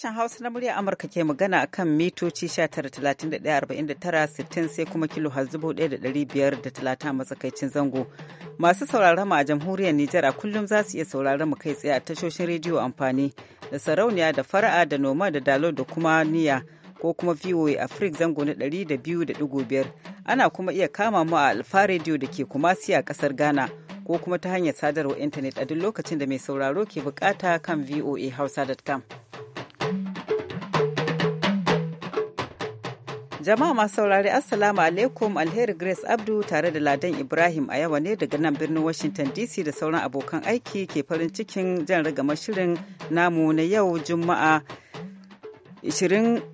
Sashen Hausa na murya Amurka ke magana a kan mitoci sittin sai kuma kilo hazzubo 1,530 matsakaicin zango. Masu sauraron mu a jamhuriyar Nijar a kullum za su iya sauraron mu kai tsaye a tashoshin rediyo amfani da sarauniya da fara'a da noma da dalo da kuma niya ko kuma VOA Africa zango na 200.5. Ana kuma iya kama mu a Alfa rediyo da ke Kumasi a kasar Ghana. ko kuma ta hanyar sadarwar intanet a duk lokacin da mai sauraro ke bukata kan voa tam. Jama'a masu saurari Assalamu alaikum Alheri Grace Abdu tare da Ladan Ibrahim a yawa ne daga nan birnin Washington DC da sauran abokan aiki ke farin cikin jan rigamar shirin namu na yau Juma'a 20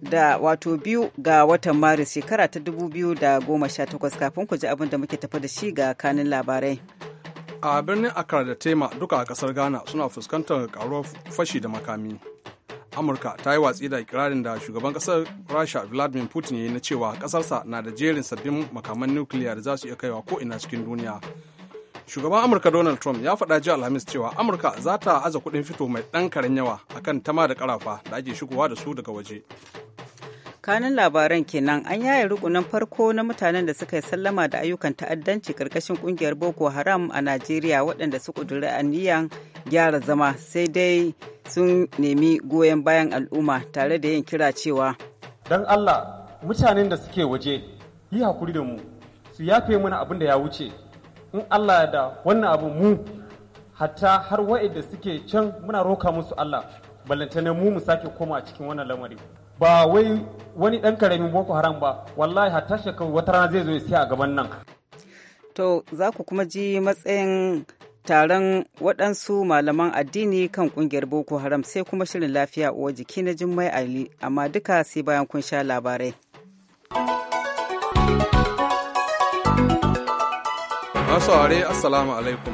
biyu ga watan Maris shekara ta 2018 kafin ku ji abin da muke tafa da shi ga kanin labarai. A birnin Akara da Tema duka a kasar Ghana suna fuskantar karuwar fashi da makami. amurka ta yi watsi da ikirarin da shugaban kasar rasha vladimir putin ya yi na cewa kasarsa na da jerin sabbin makaman nukiliya da za su iya kaiwa ina cikin duniya shugaban amurka donald trump ya faɗa jiya alhamis cewa amurka za ta aza kuɗin fito mai ɗan karen yawa akan tama da karafa da ake shigowa da su daga waje kanun labaran kenan an yaye rukunin farko na mutanen da suka yi sallama da ayyukan ta'addanci karkashin kungiyar boko haram a najeriya waɗanda su ƙudiri aniyan gyara zama sai dai sun nemi goyon bayan al'umma tare da yin kira cewa don allah mutanen da suke waje yi hakuri da mu su yafe mana abin da ya wuce in allah da wannan abu mu hatta har da suke can muna roka musu allah ballantane mu mu sake koma cikin wannan lamari ba wai wani ɗan karamin boko haram ba wallahi hatta shekaru wata rana zai zo ya siya a gaban nan to za ku kuma ji matsayin taron waɗansu malaman addini kan ƙungiyar boko haram sai kuma shirin lafiya uwa jiki na jummai ali amma duka sai bayan kun sha labarai masu are assalamu alaikum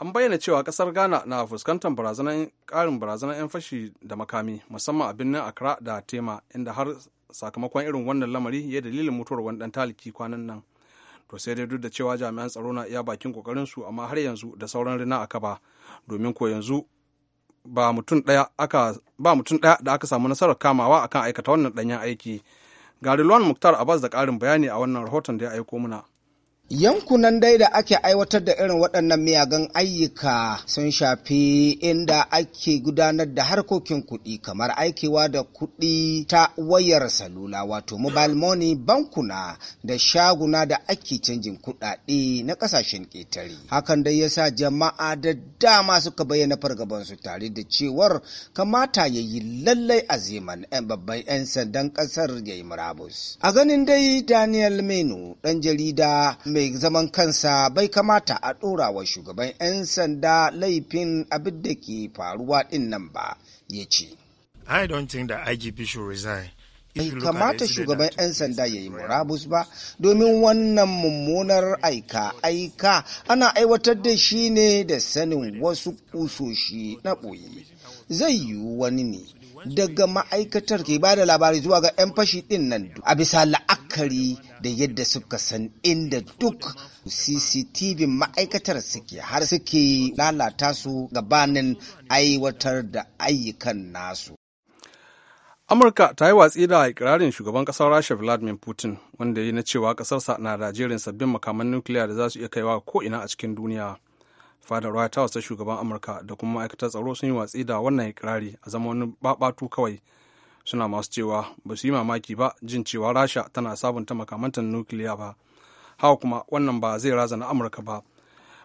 an bayyana cewa kasar ghana na fuskantar barazanar karin barazanar 'yan fashi da makami musamman a birnin accra da tema inda har sakamakon irin wannan lamari ya dalilin mutuwar wani dan taliki kwanan nan to sai dai duk da cewa jami'an tsaro na iya bakin kokarin su amma har yanzu da sauran rina aka ba domin ko yanzu ba mutum daya aka ba mutum daya da aka samu nasarar kamawa akan aikata wannan danyen aiki gari Rilwan Muktar Abbas da ƙarin bayani a wannan rahoton da ya aiko muna. Yankunan dai da ake aiwatar da irin waɗannan miyagan ayyuka sun shafi inda ake gudanar da harkokin kuɗi kamar aikewa da kuɗi ta wayar salula wato mobile money bankuna da shaguna da ake canjin kuɗaɗe na ƙasashen ƙetare. Hakan dai yasa jama'a da dama suka bayyana fargabansu tare da cewar kamata ya yi lallai zeman 'yan babban 'yan sandan ƙasar ya yi murabus. A ganin dai Daniel Menu ɗan jarida mai zaman kansa bai kamata a ɗora wa shugaban 'yan sanda laifin abin da ke faruwa ɗin nan ba ya ce bai kamata shugaban 'yan sanda ya yi murabus ba domin wannan mummunar aika-aika ana aiwatar da shi ne da sanin wasu kusoshi na ɓoye zai yiwu wani ne daga ma'aikatar ke ba da labari zuwa ga 'yan fashi ɗin nan a bisa la'akari da yadda suka san inda duk CCTV ma'aikatar suke har suke lalata su gabanin aiwatar da ayyukan nasu. Amurka ta yi watsi da ikirarin shugaban kasar Rasha Vladimir Putin wanda yi na cewa kasarsa na da jerin sabbin makaman nukiliya da za su iya kaiwa ko'ina a cikin duniya. Fadar White House ta shugaban Amurka da kuma ma'aikatar tsaro sun yi watsi da wannan ikirari a zama wani babatu kawai suna masu cewa ba su yi mamaki ba jin cewa rasha tana sabunta makamantan nukiliya ba hawa kuma wannan ba zai razana amurka ba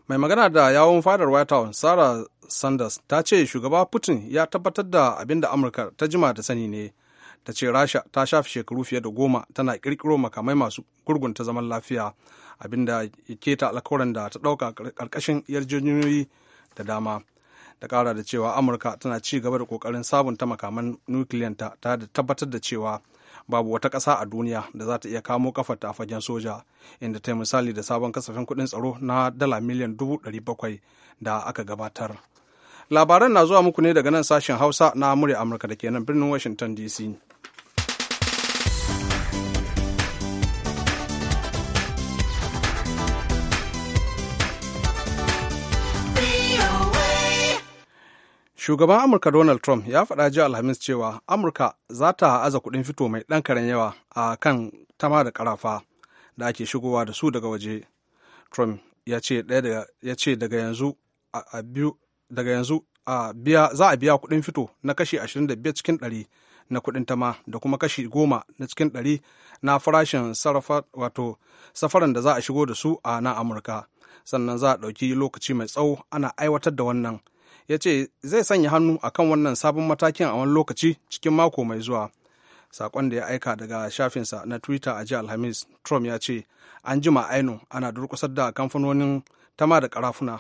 mai magana da yawon fadar white house sarah sanders ta ce shugaba putin ya tabbatar da abin da amurka ta jima da sani ne ta ce rasha ta shafi shekaru fiye da goma tana kirkiro makamai masu gurgunta zaman lafiya abinda ya ta alkawarin da ta ɗauka ƙarƙashin yarjejeniyoyi da dama ta kara da cewa amurka tana ci gaba da kokarin sabunta makaman nukiliyanta ta da tabbatar da cewa babu wata ƙasa a duniya da za ta iya kamo ta a fagen soja inda ta yi misali da sabon kasafin kuɗin tsaro na dala miliyan dubu ɗari bakwai da aka gabatar labaran na zuwa muku ne daga nan sashen hausa na murya amurka da ke nan birnin washington dc shugaban amurka donald trump ya faɗa jiya alhamis cewa amurka za ta aza kuɗin fito mai ɗan karen yawa a kan tama da ƙarafa da ake shigowa da su daga waje trump ya ce daga yanzu a daga yanzu a biya za a biya kuɗin fito na kashi 25 cikin 100 na kuɗin tama da kuma kashi 10 na cikin 100 na farashin sarrafa wato safaran da za a shigo da su a nan amurka sannan za a ɗauki lokaci mai tsawo ana aiwatar da wannan ya ce zai sanya hannu a kan wannan sabon matakin a wani lokaci cikin mako mai zuwa sakon da ya aika daga shafinsa na twitter a jiya alhamis trump ya ce an jima aino ana durkusar da kamfanonin tama da karafuna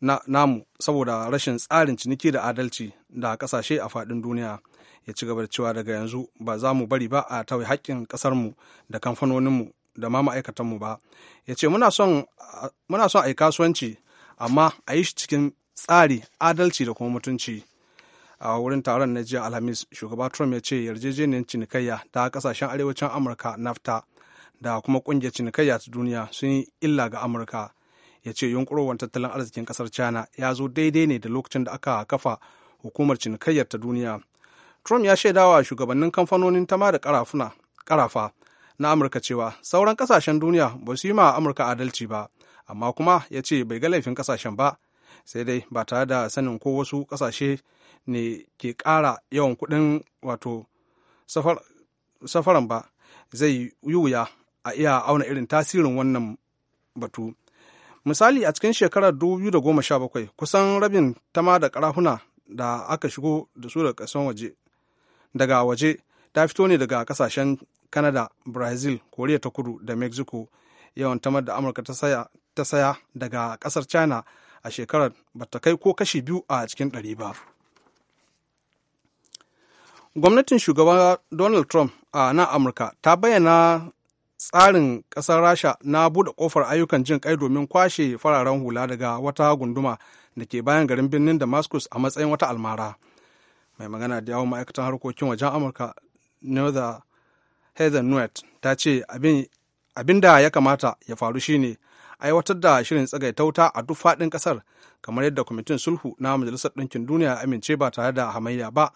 na namu saboda rashin tsarin ciniki da adalci da kasashe a faɗin duniya ya ci gaba da cewa daga yanzu ba za mu bari ba a tawai haƙƙin ƙasarmu da kamfanoninmu da ma ma'aikatanmu ba ya ce muna son a yi kasuwanci amma a yi shi cikin tsari adalci da kuma mutunci a wurin taron na jiya alhamis shugaba trump ya ce yarjejeniyar cinikayya da kasashen arewacin amurka nafta da kuma kungiyar cinikayya ta duniya sun yi illa ga amurka ya ce yunkurowar tattalin arzikin kasar china ya zo daidai ne da lokacin da aka kafa hukumar cinikayyar ta duniya trump ya shaidawa shugabannin kamfanonin tama da karafa na amurka cewa sauran kasashen duniya ba su yi ma amurka adalci ba amma kuma ya ce bai ga laifin kasashen ba sai dai ba tare da sanin ko wasu kasashe ne ke ƙara yawan kuɗin wato safaran ba zai yi wuya a iya auna irin tasirin wannan batu misali a cikin shekarar 2017 kusan rabin tama da karafuna da aka shigo da su daga kasan waje daga waje ta fito ne daga kasashen kanada brazil korea ta kudu da mexico yawan tamar da amurka ta saya daga ƙasar china a shekarar ba ta kai ko kashi biyu a cikin ɗari ba gwamnatin shugaban donald trump a nan amurka ta bayyana tsarin ƙasar rasha na buɗe ƙofar ayyukan jin ƙai domin kwashe fararen hula daga wata gunduma da ke bayan garin birnin damascus a matsayin wata almara mai magana da yawon ma'aikatan harkokin wajen amurka heather nuet ta ce abin da ya kamata ya faru shine aiwatar da shirin tsagaitauta a duk faɗin ƙasar kamar yadda kwamitin sulhu na majalisar ɗinkin duniya ya amince ba tare da hamayya ba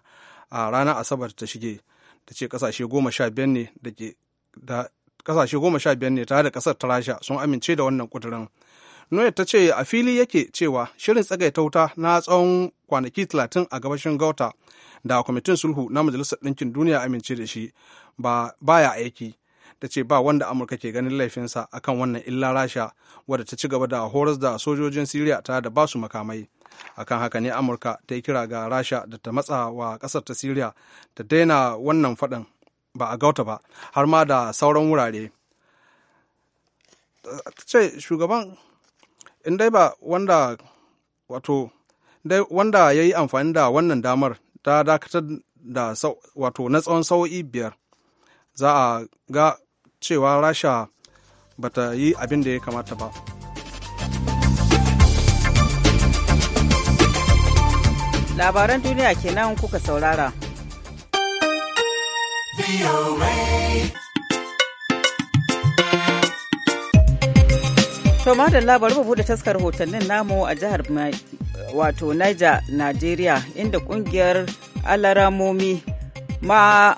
a ranar asabar ta shige da ce ƙasashe goma sha biyar ne tare da ƙasar ta rasha sun amince da wannan ƙudurin Noyar ta ce a fili yake cewa shirin tsagaitauta tauta na tsawon kwanaki talatin a gabashin Gauta da kwamitin sulhu na Majalisar Ɗinkin Duniya amince da shi ba baya aiki ta ce ba wanda amurka ke ganin laifinsa akan wannan illa rasha wadda ta ci gaba da horas da sojojin siriya tare da basu makamai akan haka ne amurka ta yi kira ga rasha da ta matsa wa kasar ta siriya ta daina wannan fadan ba a gauta ba har ma da sauran wurare ta ce shugaban in dai ba wanda wato dai wanda ya yi amfani da wannan damar ta dakatar da wato na tsawon sau'i biyar za a ga cewa rasha ba ta yi abin da ya kamata ba labaran duniya kenan kuka saurara To madalla bari mu bude taskar hotonnin namu a jihar wato Niger, Najeriya inda kungiyar alaramomi ma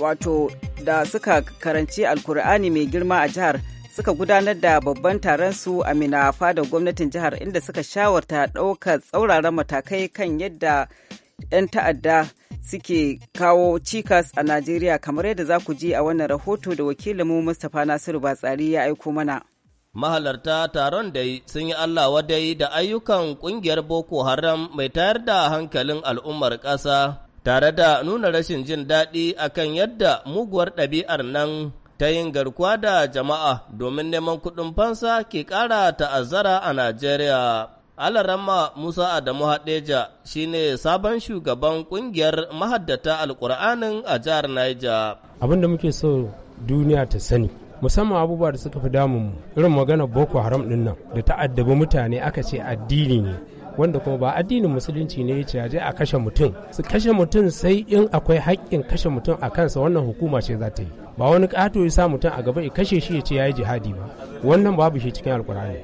wato da suka karanci alkur'ani mai girma a jihar suka gudanar da babban taron su a mina da gwamnatin jihar inda suka shawarta ɗaukar tsauraran matakai kan yadda 'yan ta'adda suke kawo cikas a najeriya kamar yadda za ku ji a wannan rahoto da wakilinmu mustapha nasiru batsari ya aiko mana mahalarta taron dai sun yi allah wadai da ayyukan kungiyar boko haram mai tayar da hankalin al'ummar ƙasa tare da nuna rashin jin daɗi a kan yadda muguwar ɗabi'ar nan ta yin garkuwa da jama'a domin neman kuɗin fansa ke ƙara ta'azzara a Najeriya. Alarama Musa Adamu Hadeja shine sabon shugaban ƙungiyar mahaddata Alƙur'anin a jihar naija. Abin da muke so duniya ta sani musamman abubuwa da suka fi damun irin magana boko haram ɗin nan da ta'addaba mutane aka ce addini ne wanda kuma ba addinin musulunci ne ya je a kashe mutum su kashe mutum sai in akwai haƙƙin kashe mutum a kansa wannan hukuma ce za ta yi ba wani ƙato ya sa mutum a gaba ya kashe shi ya ce ya yi jihadi ba wannan babu shi cikin alkur'ani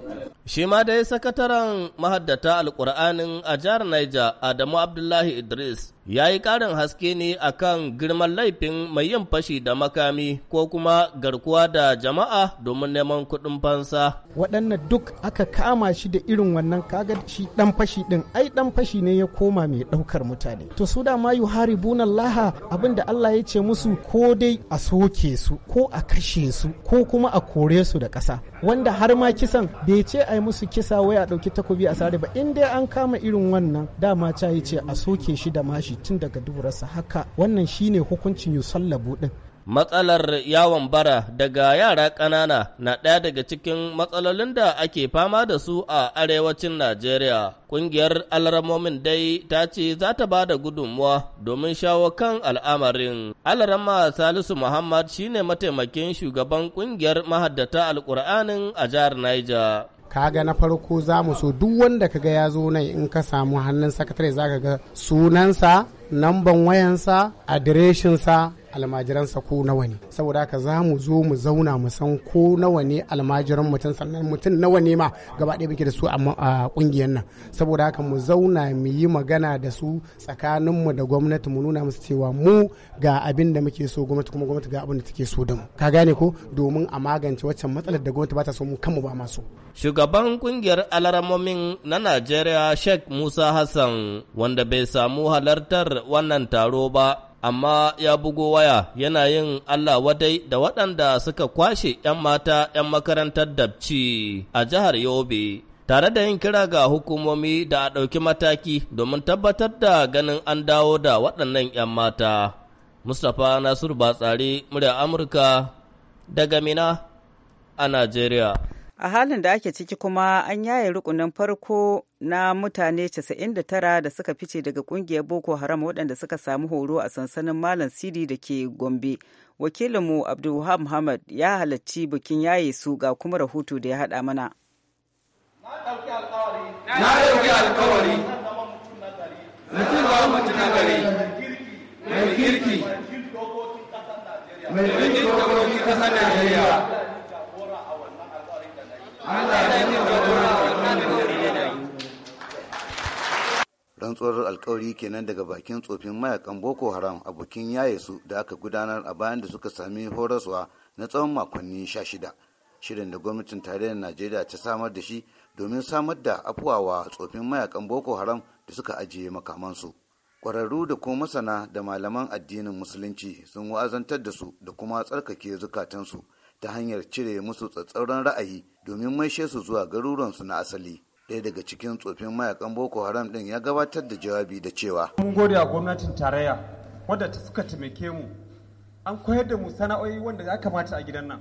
shi ma dai sakataren mahaddata alkur'anin a jihar niger adamu abdullahi idris ya yi ƙarin haske ne a kan girman laifin mai yin fashi da makami ko kuma garkuwa da jama'a domin neman kuɗin fansa. Waɗannan duk aka kama shi da irin wannan kaga shi ɗan fashi ɗin ai ɗan fashi ne ya koma mai ɗaukar mutane. To su da ma hari bunan laha abinda Allah ya ce musu ko dai a soke su ko a kashe su ko kuma a kore su da ƙasa. Wanda har ma kisan bai ce a musu kisa wai a ɗauki takobi a sare ba in dai an kama irin wannan dama ca ce a soke shi da mashi shi tun daga haka wannan shine hukuncin yusallabu din matsalar yawon bara daga yara ƙanana na ɗaya daga cikin matsalolin da ake fama da su a arewacin najeriya ƙungiyar alramomin dai ta ce za ta ba da gudunmuwa domin shawo kan al'amarin alrama salisu muhammad shine mataimakin shugaban ƙungiyar mahaddata alƙur'anin a jihar niger kaga na farko za mu so duk wanda kaga ya zo nan in ka samu hannun sakatare za ka ga sunansa namban wayansa adireshinsa almajiransa ko nawa ne saboda haka za mu zo mu zauna mu san ko nawa ne almajiran mutum sannan mutum nawa ne ma gaba ɗaya muke da su a kungiyar nan saboda haka mu zauna mu yi magana da su tsakaninmu da gwamnati mu nuna musu cewa mu ga abin da muke so gwamnati kuma gwamnati ga abin da take so da mu ka gane ko domin a magance waccan matsalar da gwamnati ba ta so mu kanmu ba masu shugaban kungiyar alaramomin na Najeriya Sheikh Musa Hassan wanda bai samu halartar wannan taro ba amma ya bugo waya yana yin Allah wadai da waɗanda suka kwashe 'yan mata 'yan makarantar dabci a jihar Yobe. Tare da yin kira ga hukumomi da a ɗauki mataki domin tabbatar da ganin an dawo da waɗannan 'yan mata. Mustapha Nasiru Batsari, murya Amurka, daga Mina a Najeriya. a halin da ake ciki kuma an yaye rukunin farko na mutane 99 da suka fice daga kungiyar boko haram waɗanda suka samu horo a sansanin malam sidi da ke gombe wakilinmu abdulwahab muhammad ya halarci bikin yaye su ga kuma rahoto da ya haɗa mana na ɗauki alkawari na cewa mutum na gari mai kirki mai bin dokokin ƙasar najeriya rantsuwar alkawari kenan daga bakin tsofin mayakan boko haram abokin yaye su da aka gudanar a bayan da suka sami horaswa na tsawon makonni sha shida shirin da gwamnatin tarayyar najeriya ta samar da shi domin samar da afuwawa tsofin mayakan boko haram da suka ajiye makamansu kwararru da kuma masana da malaman addinin musulunci sun wa'azantar da su da kuma tsarkake zukatansu ta hanyar cire musu tsatsauran ra'ayi domin maishe su zuwa garuruwansu na asali. Ɗaya daga cikin tsofin mayakan Boko Haram ɗin ya gabatar da jawabi da cewa. Mun gode wa gwamnatin tarayya wadda ta suka taimake mu. An koyar da mu sana'o'i wanda ya kamata a gidan nan.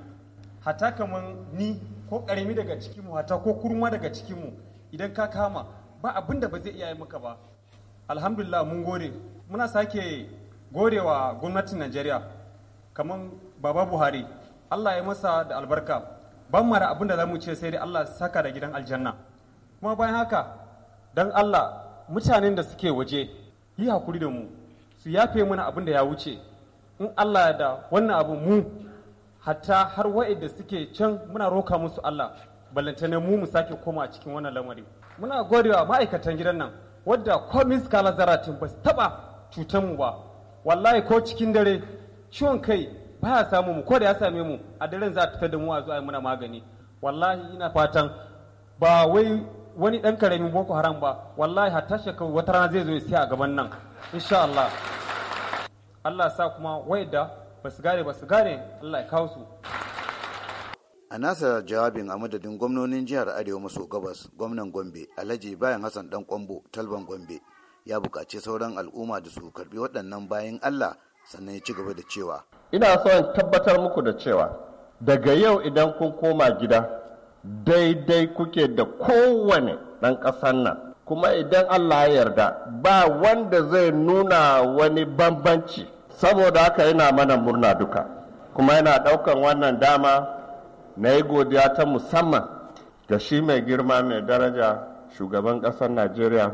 Hata kamar ni ko karami daga cikinmu hata ko kurma daga cikinmu idan ka kama ba abin da ba zai iya yi maka ba. Alhamdulillah mun gode. Muna sake gode wa gwamnatin Najeriya kamar Baba Buhari Allah ya masa da albarka ban mara abin da za mu ce sai dai Allah saka da gidan aljanna kuma bayan haka dan Allah mutanen da suke waje yi hakuri da mu su yafe mana abin da ya wuce in Allah da wannan abu mu hatta har da suke can muna roka musu Allah ballantane mu mu sake koma a cikin wannan lamari muna godewa ma'aikatan gidan nan wadda Miss Kala zaratin ba su taba cutar mu ba wallahi ko cikin dare ciwon kai ba ya samu mu ko da ya same mu a daren za ta da mu a zuwa muna magani wallahi ina fatan ba wai wani dan karamin boko haram ba wallahi hatta shekaru wata rana zai zo ya siya a gaban nan insha Allah Allah sa kuma wayda ba su gane ba su gane Allah ya kawo su a nasa jawabin a madadin gwamnonin jihar arewa maso gabas gwamnan gombe alhaji bayan hassan dan kwambo talban gombe ya buƙaci sauran al'umma da su karbi waɗannan bayan allah sannan ya ci gaba da cewa ina so in tabbatar muku da cewa daga yau idan kun koma gida daidai kuke da kowane ɗan ƙasar nan kuma idan Allah ya yarda ba wanda zai nuna wani bambanci saboda haka yana mana murna duka kuma yana ɗaukan wannan dama na yi godiya ta musamman ga shi mai girma mai daraja shugaban ƙasar najeriya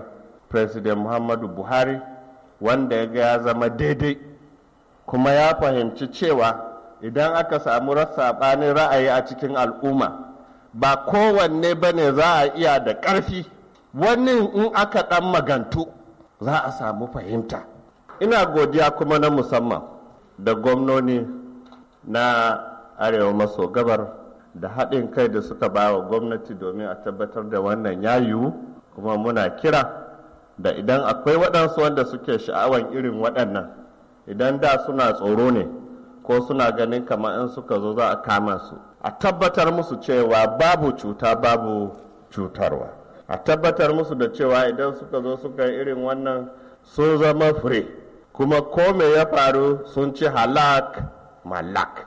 president muhammadu buhari wanda ya ga ya zama daidai kuma ya fahimci cewa idan aka samu saɓanin ra'ayi a cikin al'umma ba kowanne ba ne za a iya da ƙarfi wani in aka ɗan magantu za a samu fahimta ina godiya kuma na musamman da gwamnoni na arewa maso gabar da haɗin kai da suka ba wa gwamnati domin a tabbatar da wannan ya yiwu kuma muna kira da idan akwai waɗansu wanda suke sha'awan irin waɗannan idan da suna tsoro ne ko suna ganin kamar in suka zo za a kama su a tabbatar musu cewa babu cuta babu cutarwa a tabbatar musu da cewa idan suka zo suka yi irin wannan sun zama fure kuma ko me ya faru sun ci halak malak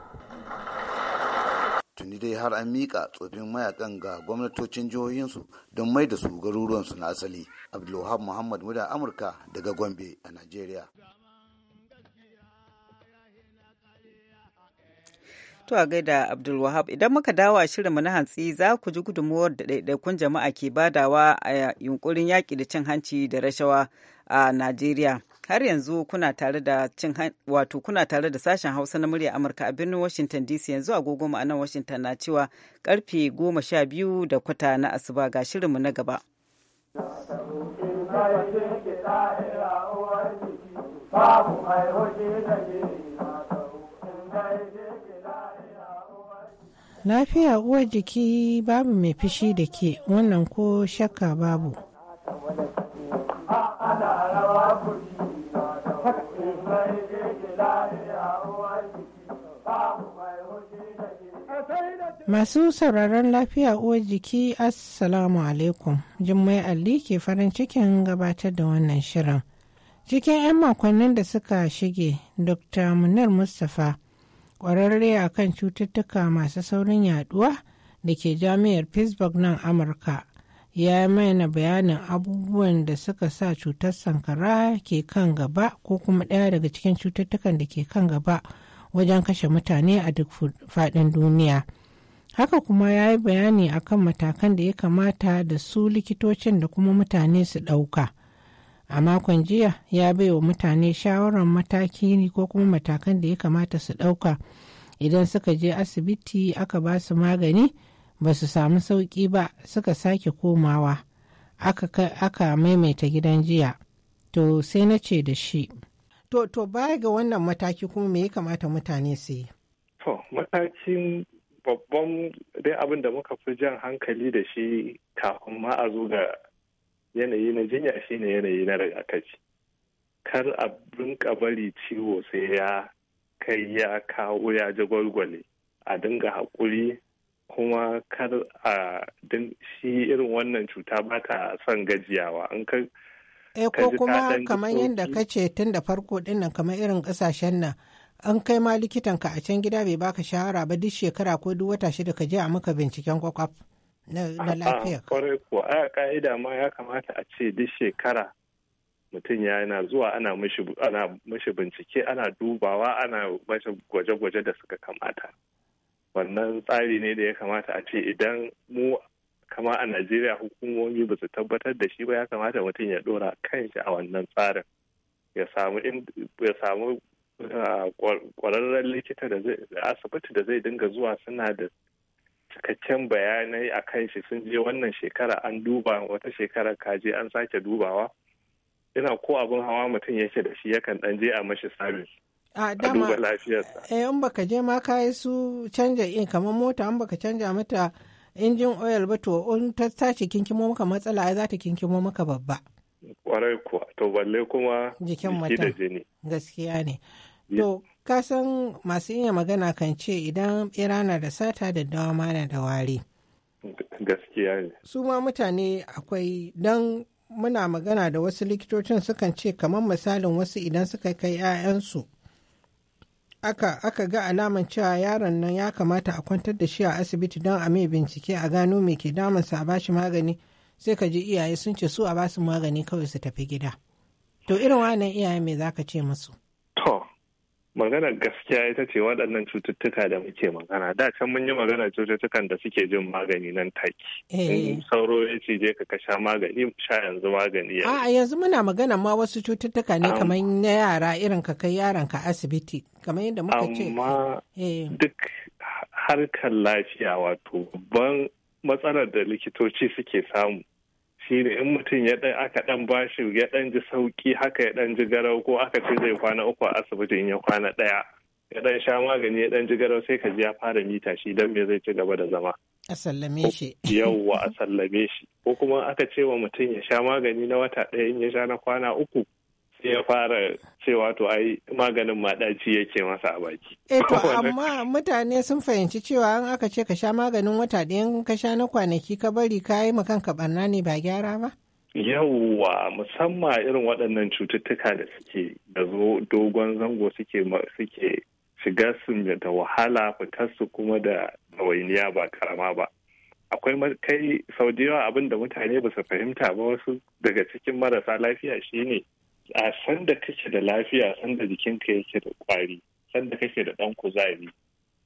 tuni dai har an miƙa tsofin mayakan ga gwamnatocin jihohinsu don mai da su garuruwansu na asali abdulwahab muhammad muda amurka daga gombe a najeriya To a gaida Abdulwahab idan muka dawo a shirinmu na hantsi za ku ji gudunmuwar da ɗaiɗaikun jama'a ke badawa a yunkurin yaƙi da cin hanci da rashawa a Najeriya. Har yanzu kuna tare da cin wato kuna tare da sashen Hausa na murya Amurka a birnin Washington DC yanzu agogo mu a nan Washington na cewa karfe goma sha biyu da kwata na asuba ga shirinmu na gaba. Babu mai hoji da ke na Lafiya uwar jiki babu mai fishi da ke wannan ko shakka babu. Masu sauraron lafiya uwar jiki Assalamu alaikum. Jummai Ali ke farin cikin gabatar da wannan shirin. Cikin 'yan makonnin da suka shige, Dr. Munir Mustapha kwararre a kan cututtuka masu saurin yaduwa da ke jami'ar pittsburgh nan amurka ya yi mana bayanin abubuwan da suka sa cutar sankara ke kan gaba ko kuma ɗaya daga cikin cututtukan da ke kan gaba wajen kashe mutane a duk faɗin duniya haka kuma ya yi bayani akan matakan da ya kamata da su likitocin da kuma mutane su ɗauka. a makon jiya ya bai wa mutane shawarar mataki ne ko kuma matakan da ya kamata su ɗauka idan suka je asibiti aka ba su magani ba su samu sauƙi ba suka sake komawa aka, maimaita gidan jiya to sai na ce da shi to, to baya ga wannan mataki kuma me ya kamata mutane su yi to matakin babban dai abin da muka fi jan hankali da shi kafin ma a zo ga yanayi na jinya shine yanayi na rigakafi kar a rinka bari ciwo sai ya kai ya kawo ya ji gwalgwale a dinga haƙuri kuma kar a shi irin wannan cuta ba ta son gajiyawa an ka e ko kuma kamar yadda ka ce tun da farko dinnan kamar irin kasashen nan an kai ma likitanka a can gida bai baka shahara ba duk shekara ko duk wata shida ka je a maka binciken kwakwaf. na lafiya kwarai ko a ka'ida ma ya kamata a ce duk shekara mutum ya yana zuwa ana mashi bincike ana dubawa ana mashi gwaje-gwaje da suka kamata wannan tsari ne da ya kamata a ce idan mu kama a najeriya hukumomi ba su tabbatar da shi ba ya kamata mutum ya dora kanshi a wannan tsarin ya samu ah, kwararren likita da asibiti da zai dinga zuwa suna da cikakken bayanai a kan shi sun je wannan shekara an duba wata shekara kaje an sake dubawa ina ko abin hawa mutum yake da shi yakan dan je a mashi sabis a duba lafiyarsa eh in baka je ma kai su canja in kamar mota in baka canja mata injin oil ba to in ta tashi kinkimo maka matsala ai za ta kinkimo maka babba kwarai kuwa to balle kuma jikin da gaskiya ne to kasan masu iya magana kan ce idan bera na da sata da dawama na da wari gaskiya ne su ma mutane akwai don muna magana da wasu likitocin sukan ce kamar misalin wasu idan suka kai 'ya'yansu aka, ga alaman cewa yaron nan ya kamata a kwantar da shi a asibiti don a mai bincike a gano me ke damun a bashi magani sai ka ji iyaye sun ce su a basu magani kawai su tafi gida to irin wannan iyaye me za ka ce musu maganar gaskiya ita ce waɗannan cututtuka da muke magana da can mun yi magana cututtukan da suke jin magani nan take eh. sauro ya cije ka ka sha magani sha yanzu magani ya a yanzu muna magana ma wasu cututtuka ne kamar na yara irin ka kai yaran ka asibiti kamar yadda muka ce amma eh. duk harkar lafiya wato Babban matsalar da likitoci suke samu ne in mutum ya dan aka dan bashi ya dan ji sauki haka ya dan ji garau ko aka ce zai kwana uku a asibiti in ya kwana daya ya dan sha magani ya dan ji garau sai ka ji ya fara mita shi dan me zai ci gaba da zama a sallame shi yawwa a sallame shi ko kuma aka ce wa mutum ya sha magani na wata daya in ya sha na kwana uku ya fara cewa to ai maganin maɗaci yake masa a baki. E to amma mutane sun fahimci cewa an aka ce ka sha maganin wata ɗayan ka sha na kwanaki ka bari ka yi ma kanka barna ne ba gyara ba? Yawwa musamman irin waɗannan cututtuka da suke da dogon zango suke suke shiga su da wahala fitar su kuma da dawainiya ba karama ba. akwai kai sau da yawa abin da mutane ba su fahimta ba wasu daga cikin marasa lafiya shine a sanda kake da lafiya sanda jikinka yake da kwari sanda kake da ɗan kuzari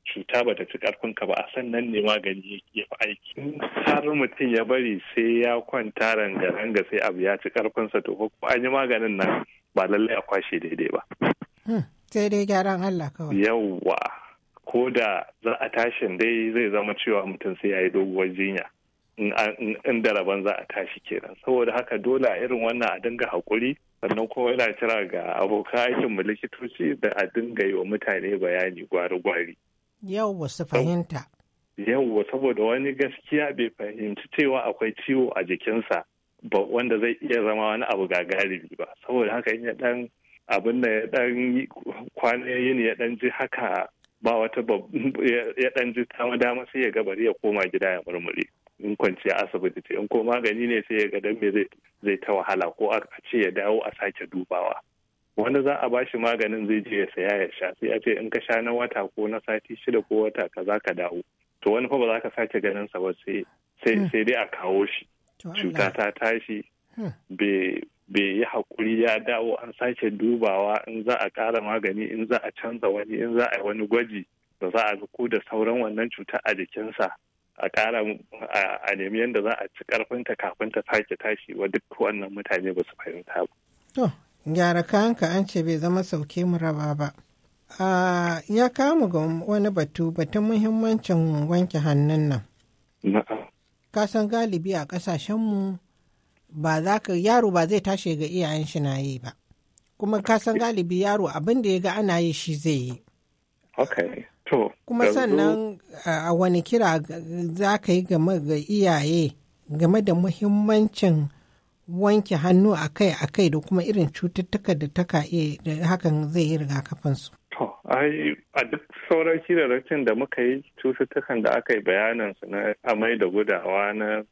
cuta ba ta fi ƙarfinka ba a sannan ne magani ya fi aiki har mutum ya bari sai ya kwanta ranga-ranga sai abu ya ci ƙarfinsa to ko an yi maganin nan ba lallai a kwashe daidai ba. Hmm, sai dai gyaran Allah kawai. Yawwa ko da za a tashin dai zai zama cewa mutum sai ya yi doguwar jinya in da rabon za a tashi kenan saboda haka dole a irin wannan a dinga haƙuri sannan kuma yana kira ga abokan mu likitoci da a dinga yi wa mutane bayani gwari-gwari. Yawwa su fahimta. Yawwa saboda wani gaskiya bai fahimci cewa akwai ciwo a jikinsa ba wanda zai iya zama wani abu galibi ba saboda haka in ya dan abin da ya dan kwana yini ya dan ji haka ba wata ya dan ji ta dama sai ya ga bari ya koma gida ya murmure in kwanciya asibiti ce in ko magani ne sai ya ga dan me zai zai ta wahala ko a ce ya dawo a sake dubawa wani za a bashi maganin zai je ya saya ya sha sai a ce in ka sha na wata ko na sati shida ko wata ka za ka dawo to wani fa ba za ka sake ganin sa ba sai hmm. sai dai a kawo shi cuta ta tashi hmm. bai yi hakuri ya dawo an sake dubawa in za a ƙara magani in za a canza wani in za a yi wani gwaji da za a ga ko da sauran wannan cuta a jikinsa a ƙara a nemi yadda za a ci ƙarfinta kafin ta sake tashi wa duk wannan mutane ba su fahimta ba. To, gyara kayanka an ce bai zama sauke mu raba ba. ya kamu ga wani batu batun muhimmancin wanke hannun nan. Ka san galibi a ƙasashenmu ba za ka yaro ba zai tashi ga iyayen shi na yi ba. Kuma ka san galibi yaro abin da ya ga ana yi shi zai yi. Okay. To. Kuma sannan a wani kira za ka yi game ga iyaye game da muhimmancin wanke hannu akai-akai da kuma irin cututtuka da da hakan zai yi rigakafinsu. To, ai a duk sauran shirarrakin da muka yi cututtukan da aka yi bayanansu na amai da gudawa na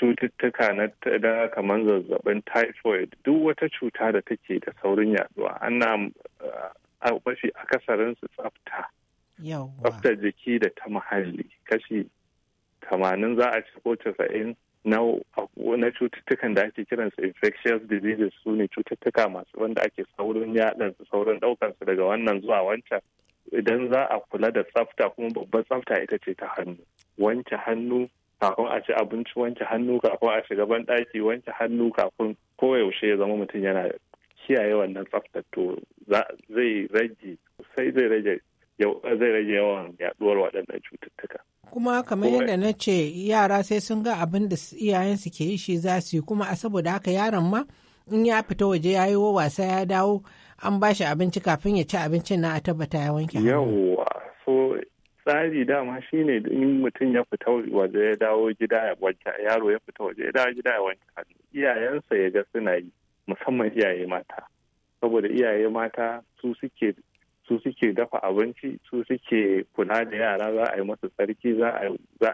cututtuka na kamar zazzabin typhoid duk wata cuta da take da saurin yaduwa ana a mafi akasarinsu tsafta tsaftar jiki da ta muhalli kashi tamanin za a ci ko casa'in na cututtukan da ake kiran su infectious diseases su ne cututtuka masu wanda ake saurin su saurin ɗaukansu daga wannan zuwa wancan idan za a kula da tsafta kuma babban tsafta ita ce ta hannu wanke hannu kafin a ci abinci wanke hannu kafin a shiga ban ɗaki wanke hannu kafin koyaushe ya zama mutum yana kiyaye wannan tsaftar to zai rage sai zai rage zai rage yawan yaduwar waɗannan cututtuka. Kuma kamar yadda na ce yara sai sun ga abin da iyayensu ke yi shi za su yi kuma a saboda haka yaron ma in ya fita waje ya yi wa wasa ya dawo an ba shi abinci kafin ya ci abincin na a tabbata ya wanke yawa so tsari dama shine in mutum ya fita waje ya dawo gida ya wanke yaro ya fita waje ya dawo gida ya wanke iyayensa ya ga suna yi musamman iyaye mata saboda iyaye mata su suke su suke dafa abinci su suke kula da yara za a yi masu tsarki za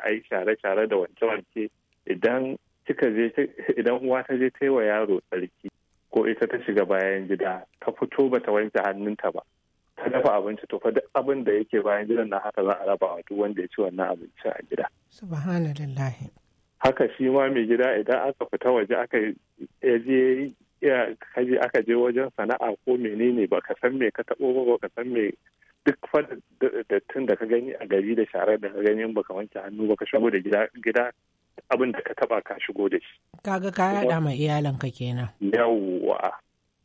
a yi share-share da wanke-wanke idan cika je idan uwa ta je ta yi wa yaro tsarki ko ita ta shiga bayan gida ta fito ba ta wanke hannunta ba ta dafa abinci to fa duk abin da yake bayan gidan na haka za a raba wa duk wanda ya ci wannan abinci a gida subhanallahi haka shi ma mai gida idan aka fita waje aka iya kaji aka je wajen sana'a ko menene baka san me ka taɓo ba baka san me duk dattin da ka gani a gari da sharar da ka gani baka wanke hannu baka shigo da gida gida abin da ka taba ka shigo da shi kaga ka yada ma iyalan ka kenan yawwa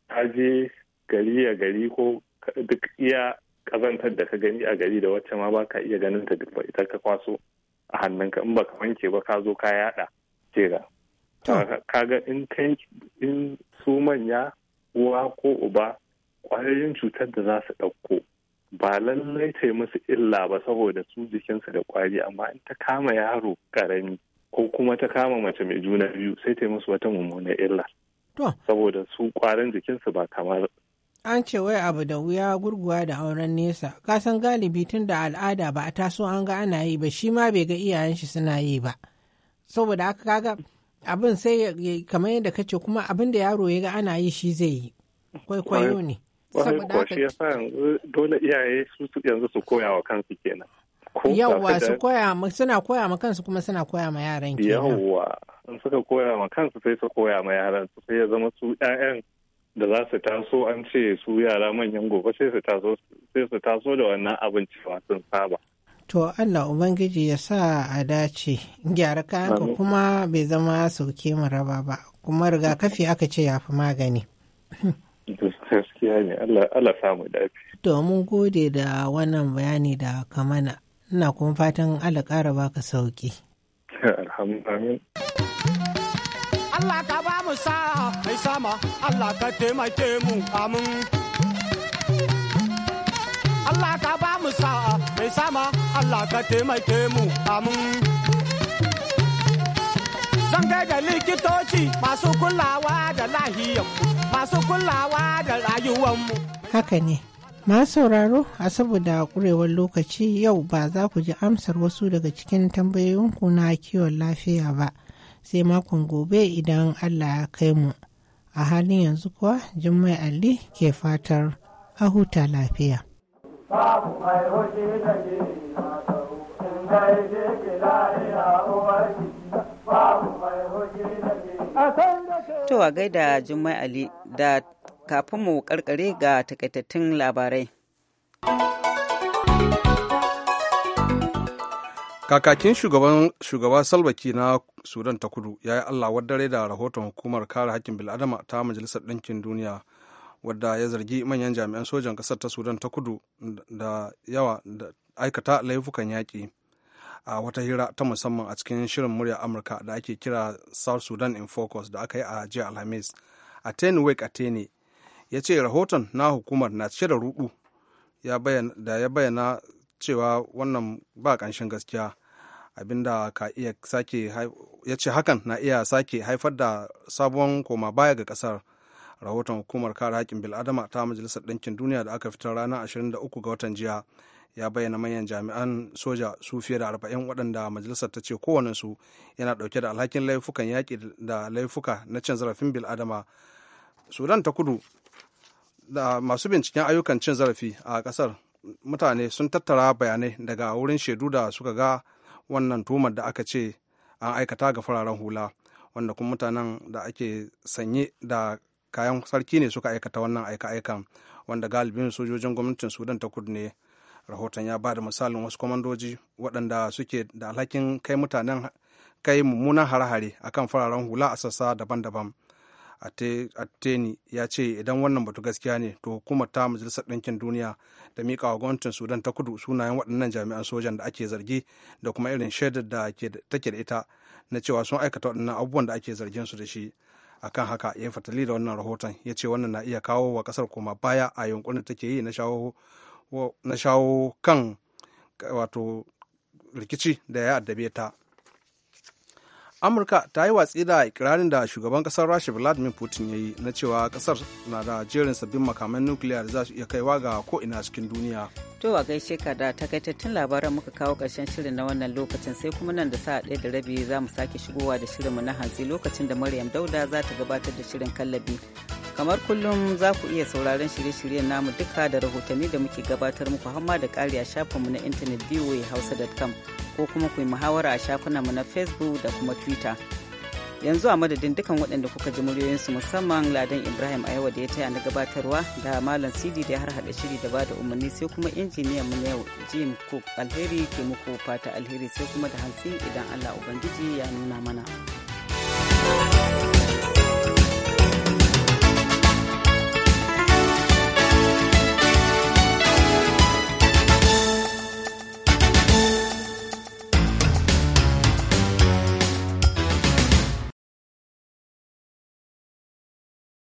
ka je gari ya gari ko duk iya kazantar da ka gani a gari da wacce ma baka iya ganin ta duk ita ka kwaso a hannunka in baka wanke ba ka zo ka yada ce kaga in in su manya uwa ko uba kwayoyin cutar da za su ɗauko ba lallai ta yi musu illa ba saboda su jikinsu da kwari amma in ta kama yaro karami ko kuma ta kama mace mai juna biyu sai ta yi musu wata mummunar illa saboda su kwarin jikinsu ba kamar an ce wai abu da wuya gurguwa da auren nesa kasan galibi tun da al'ada ba a taso an ga ana yi ba shi ma bai ga iyayen shi suna yi ba saboda haka kaga abin sai kamar yadda kace kuma abin da yaro ya ga ana yi shi zai yi kwaikwayo ne saboda shi yasa yanzu dole iyaye su yanzu su koya wa kansu kenan yawwa su koya ma suna koya ma kansu kuma suna koya ma yaran kenan yawwa in suka koya ma kansu sai su koya ma yaran su sai ya zama su ƴaƴan da za su taso an ce su yara manyan gobe sai su taso sai su taso da wannan abin cewa sun saba To Allah Ubangiji ya sa a dace gyara kayanka kuma bai zama sauke maraba raba ba kuma rigakafi aka ce ya fi magani. Gaskiya ne Allah samu dafi. To mun gode da wannan bayani da kamana ina kuma fatan Allah ƙara baka sauki. Alhamdulillah. Allah ka ba mu sa mai sama Allah ka taimake mu amin. Allah ka ba mu sa'a mai sama Allah ka taimake mu amin. Zan da likitoci masu kulawa da lahiyar masu kulawa da rayuwanmu. Haka ne. ma sauraro a saboda ƙurewar lokaci yau ba za ku ji amsar wasu daga cikin tambayoyinku na kiwon lafiya ba sai makon gobe idan Allah ya kai mu. A halin yanzu kuwa Jummai Ali ke fatar a huta lafiya. babu mai da ke in je babu mai da ke gaida Jummai Ali da kafin mu karkare ga takaitattun labarai. Kakakin shugaban shugaba salbaki na Sudan ta kudu ya yi Allah dare da rahoton hukumar kare hakkin bil'adama ta Majalisar Ɗinkin Duniya wadda ya zargi manyan jami'an sojan kasar ta sudan ta kudu da yawa da aikata laifukan yaƙi a wata hira ta musamman a cikin shirin murya amurka da ake kira south sudan in focus da aka yi a jiya alhamis a ten a atene ya ce rahoton na hukumar na cike da rudu da ya bayyana cewa wannan ba ƙanshin gaskiya abinda ka iya sake ya ce hakan na iya sake haifar da sabon koma baya ga ƙasar. rahoton hukumar kare haƙƙin bil'adama ta majalisar ɗinkin duniya da aka fitar ranar 23 ga watan jiya ya bayyana manyan jami'an soja su fiye da arba'in waɗanda majalisar ta ce kowane su yana ɗauke da alhakin laifukan yaƙi da laifuka na cin zarafin bil'adama sudan ta kudu da masu binciken ayyukan cin zarafi a ƙasar mutane sun tattara bayanai daga wurin shaidu da suka ga wannan tumar da aka ce an aikata ga fararen hula wanda kuma mutanen da ake sanye da kayan sarki ne suka aikata wannan aika-aikan wanda galibin sojojin gwamnatin sudan ta kudu ne rahoton ya ba da misalin wasu kwamandoji waɗanda suke da alhakin kai mutanen kai mummunan hare-hare akan fararen hula a sassa daban-daban teni ya ce idan wannan batu gaskiya ne to hukumar ta majalisar ɗinkin duniya da miƙa wa gwamnatin sudan ta kudu sunayen waɗannan jami'an sojan da ake zargi da kuma irin shaidar da take da ita na cewa sun aikata waɗannan abubuwan da ake zargin su da shi akan haka ya yi fatali da wannan rahoton ya ce wannan na iya kawo wa kasar koma baya a yunkurin take yi na shawo kan wato rikici da ya addabe ta amurka ta yi watsi da ikirarin da shugaban kasar rasha vladimir putin ya yi na cewa kasar na da jerin sabbin makaman nukiliya da za su iya kaiwa ga ko ina cikin duniya To a gaishe ka da takaitattun labaran muka kawo ƙarshen shirin na wannan lokacin sai kuma nan da sa'a ɗaya da rabi za mu sake shigowa da shirin mu na hantsi lokacin da Maryam Dauda za ta gabatar da shirin kallabi. Kamar kullum za ku iya sauraron shirye-shiryen namu duka da rahotanni da muke gabatar muku hamma da ƙari a shafinmu na intanet voahausa.com ko kuma ku yi muhawara a shafinanmu na Facebook da kuma Twitter. yanzu a madadin dukan waɗanda kuka ji muryoyinsu musamman ladan ibrahim ayawa da ya taya na gabatarwa da malam sidi da ya har harhaɗa shiri da bada umarni sai kuma injiniyan mu yau jim cook alheri ke muku fata alheri sai kuma da hantsi idan allah ubangiji ya nuna mana.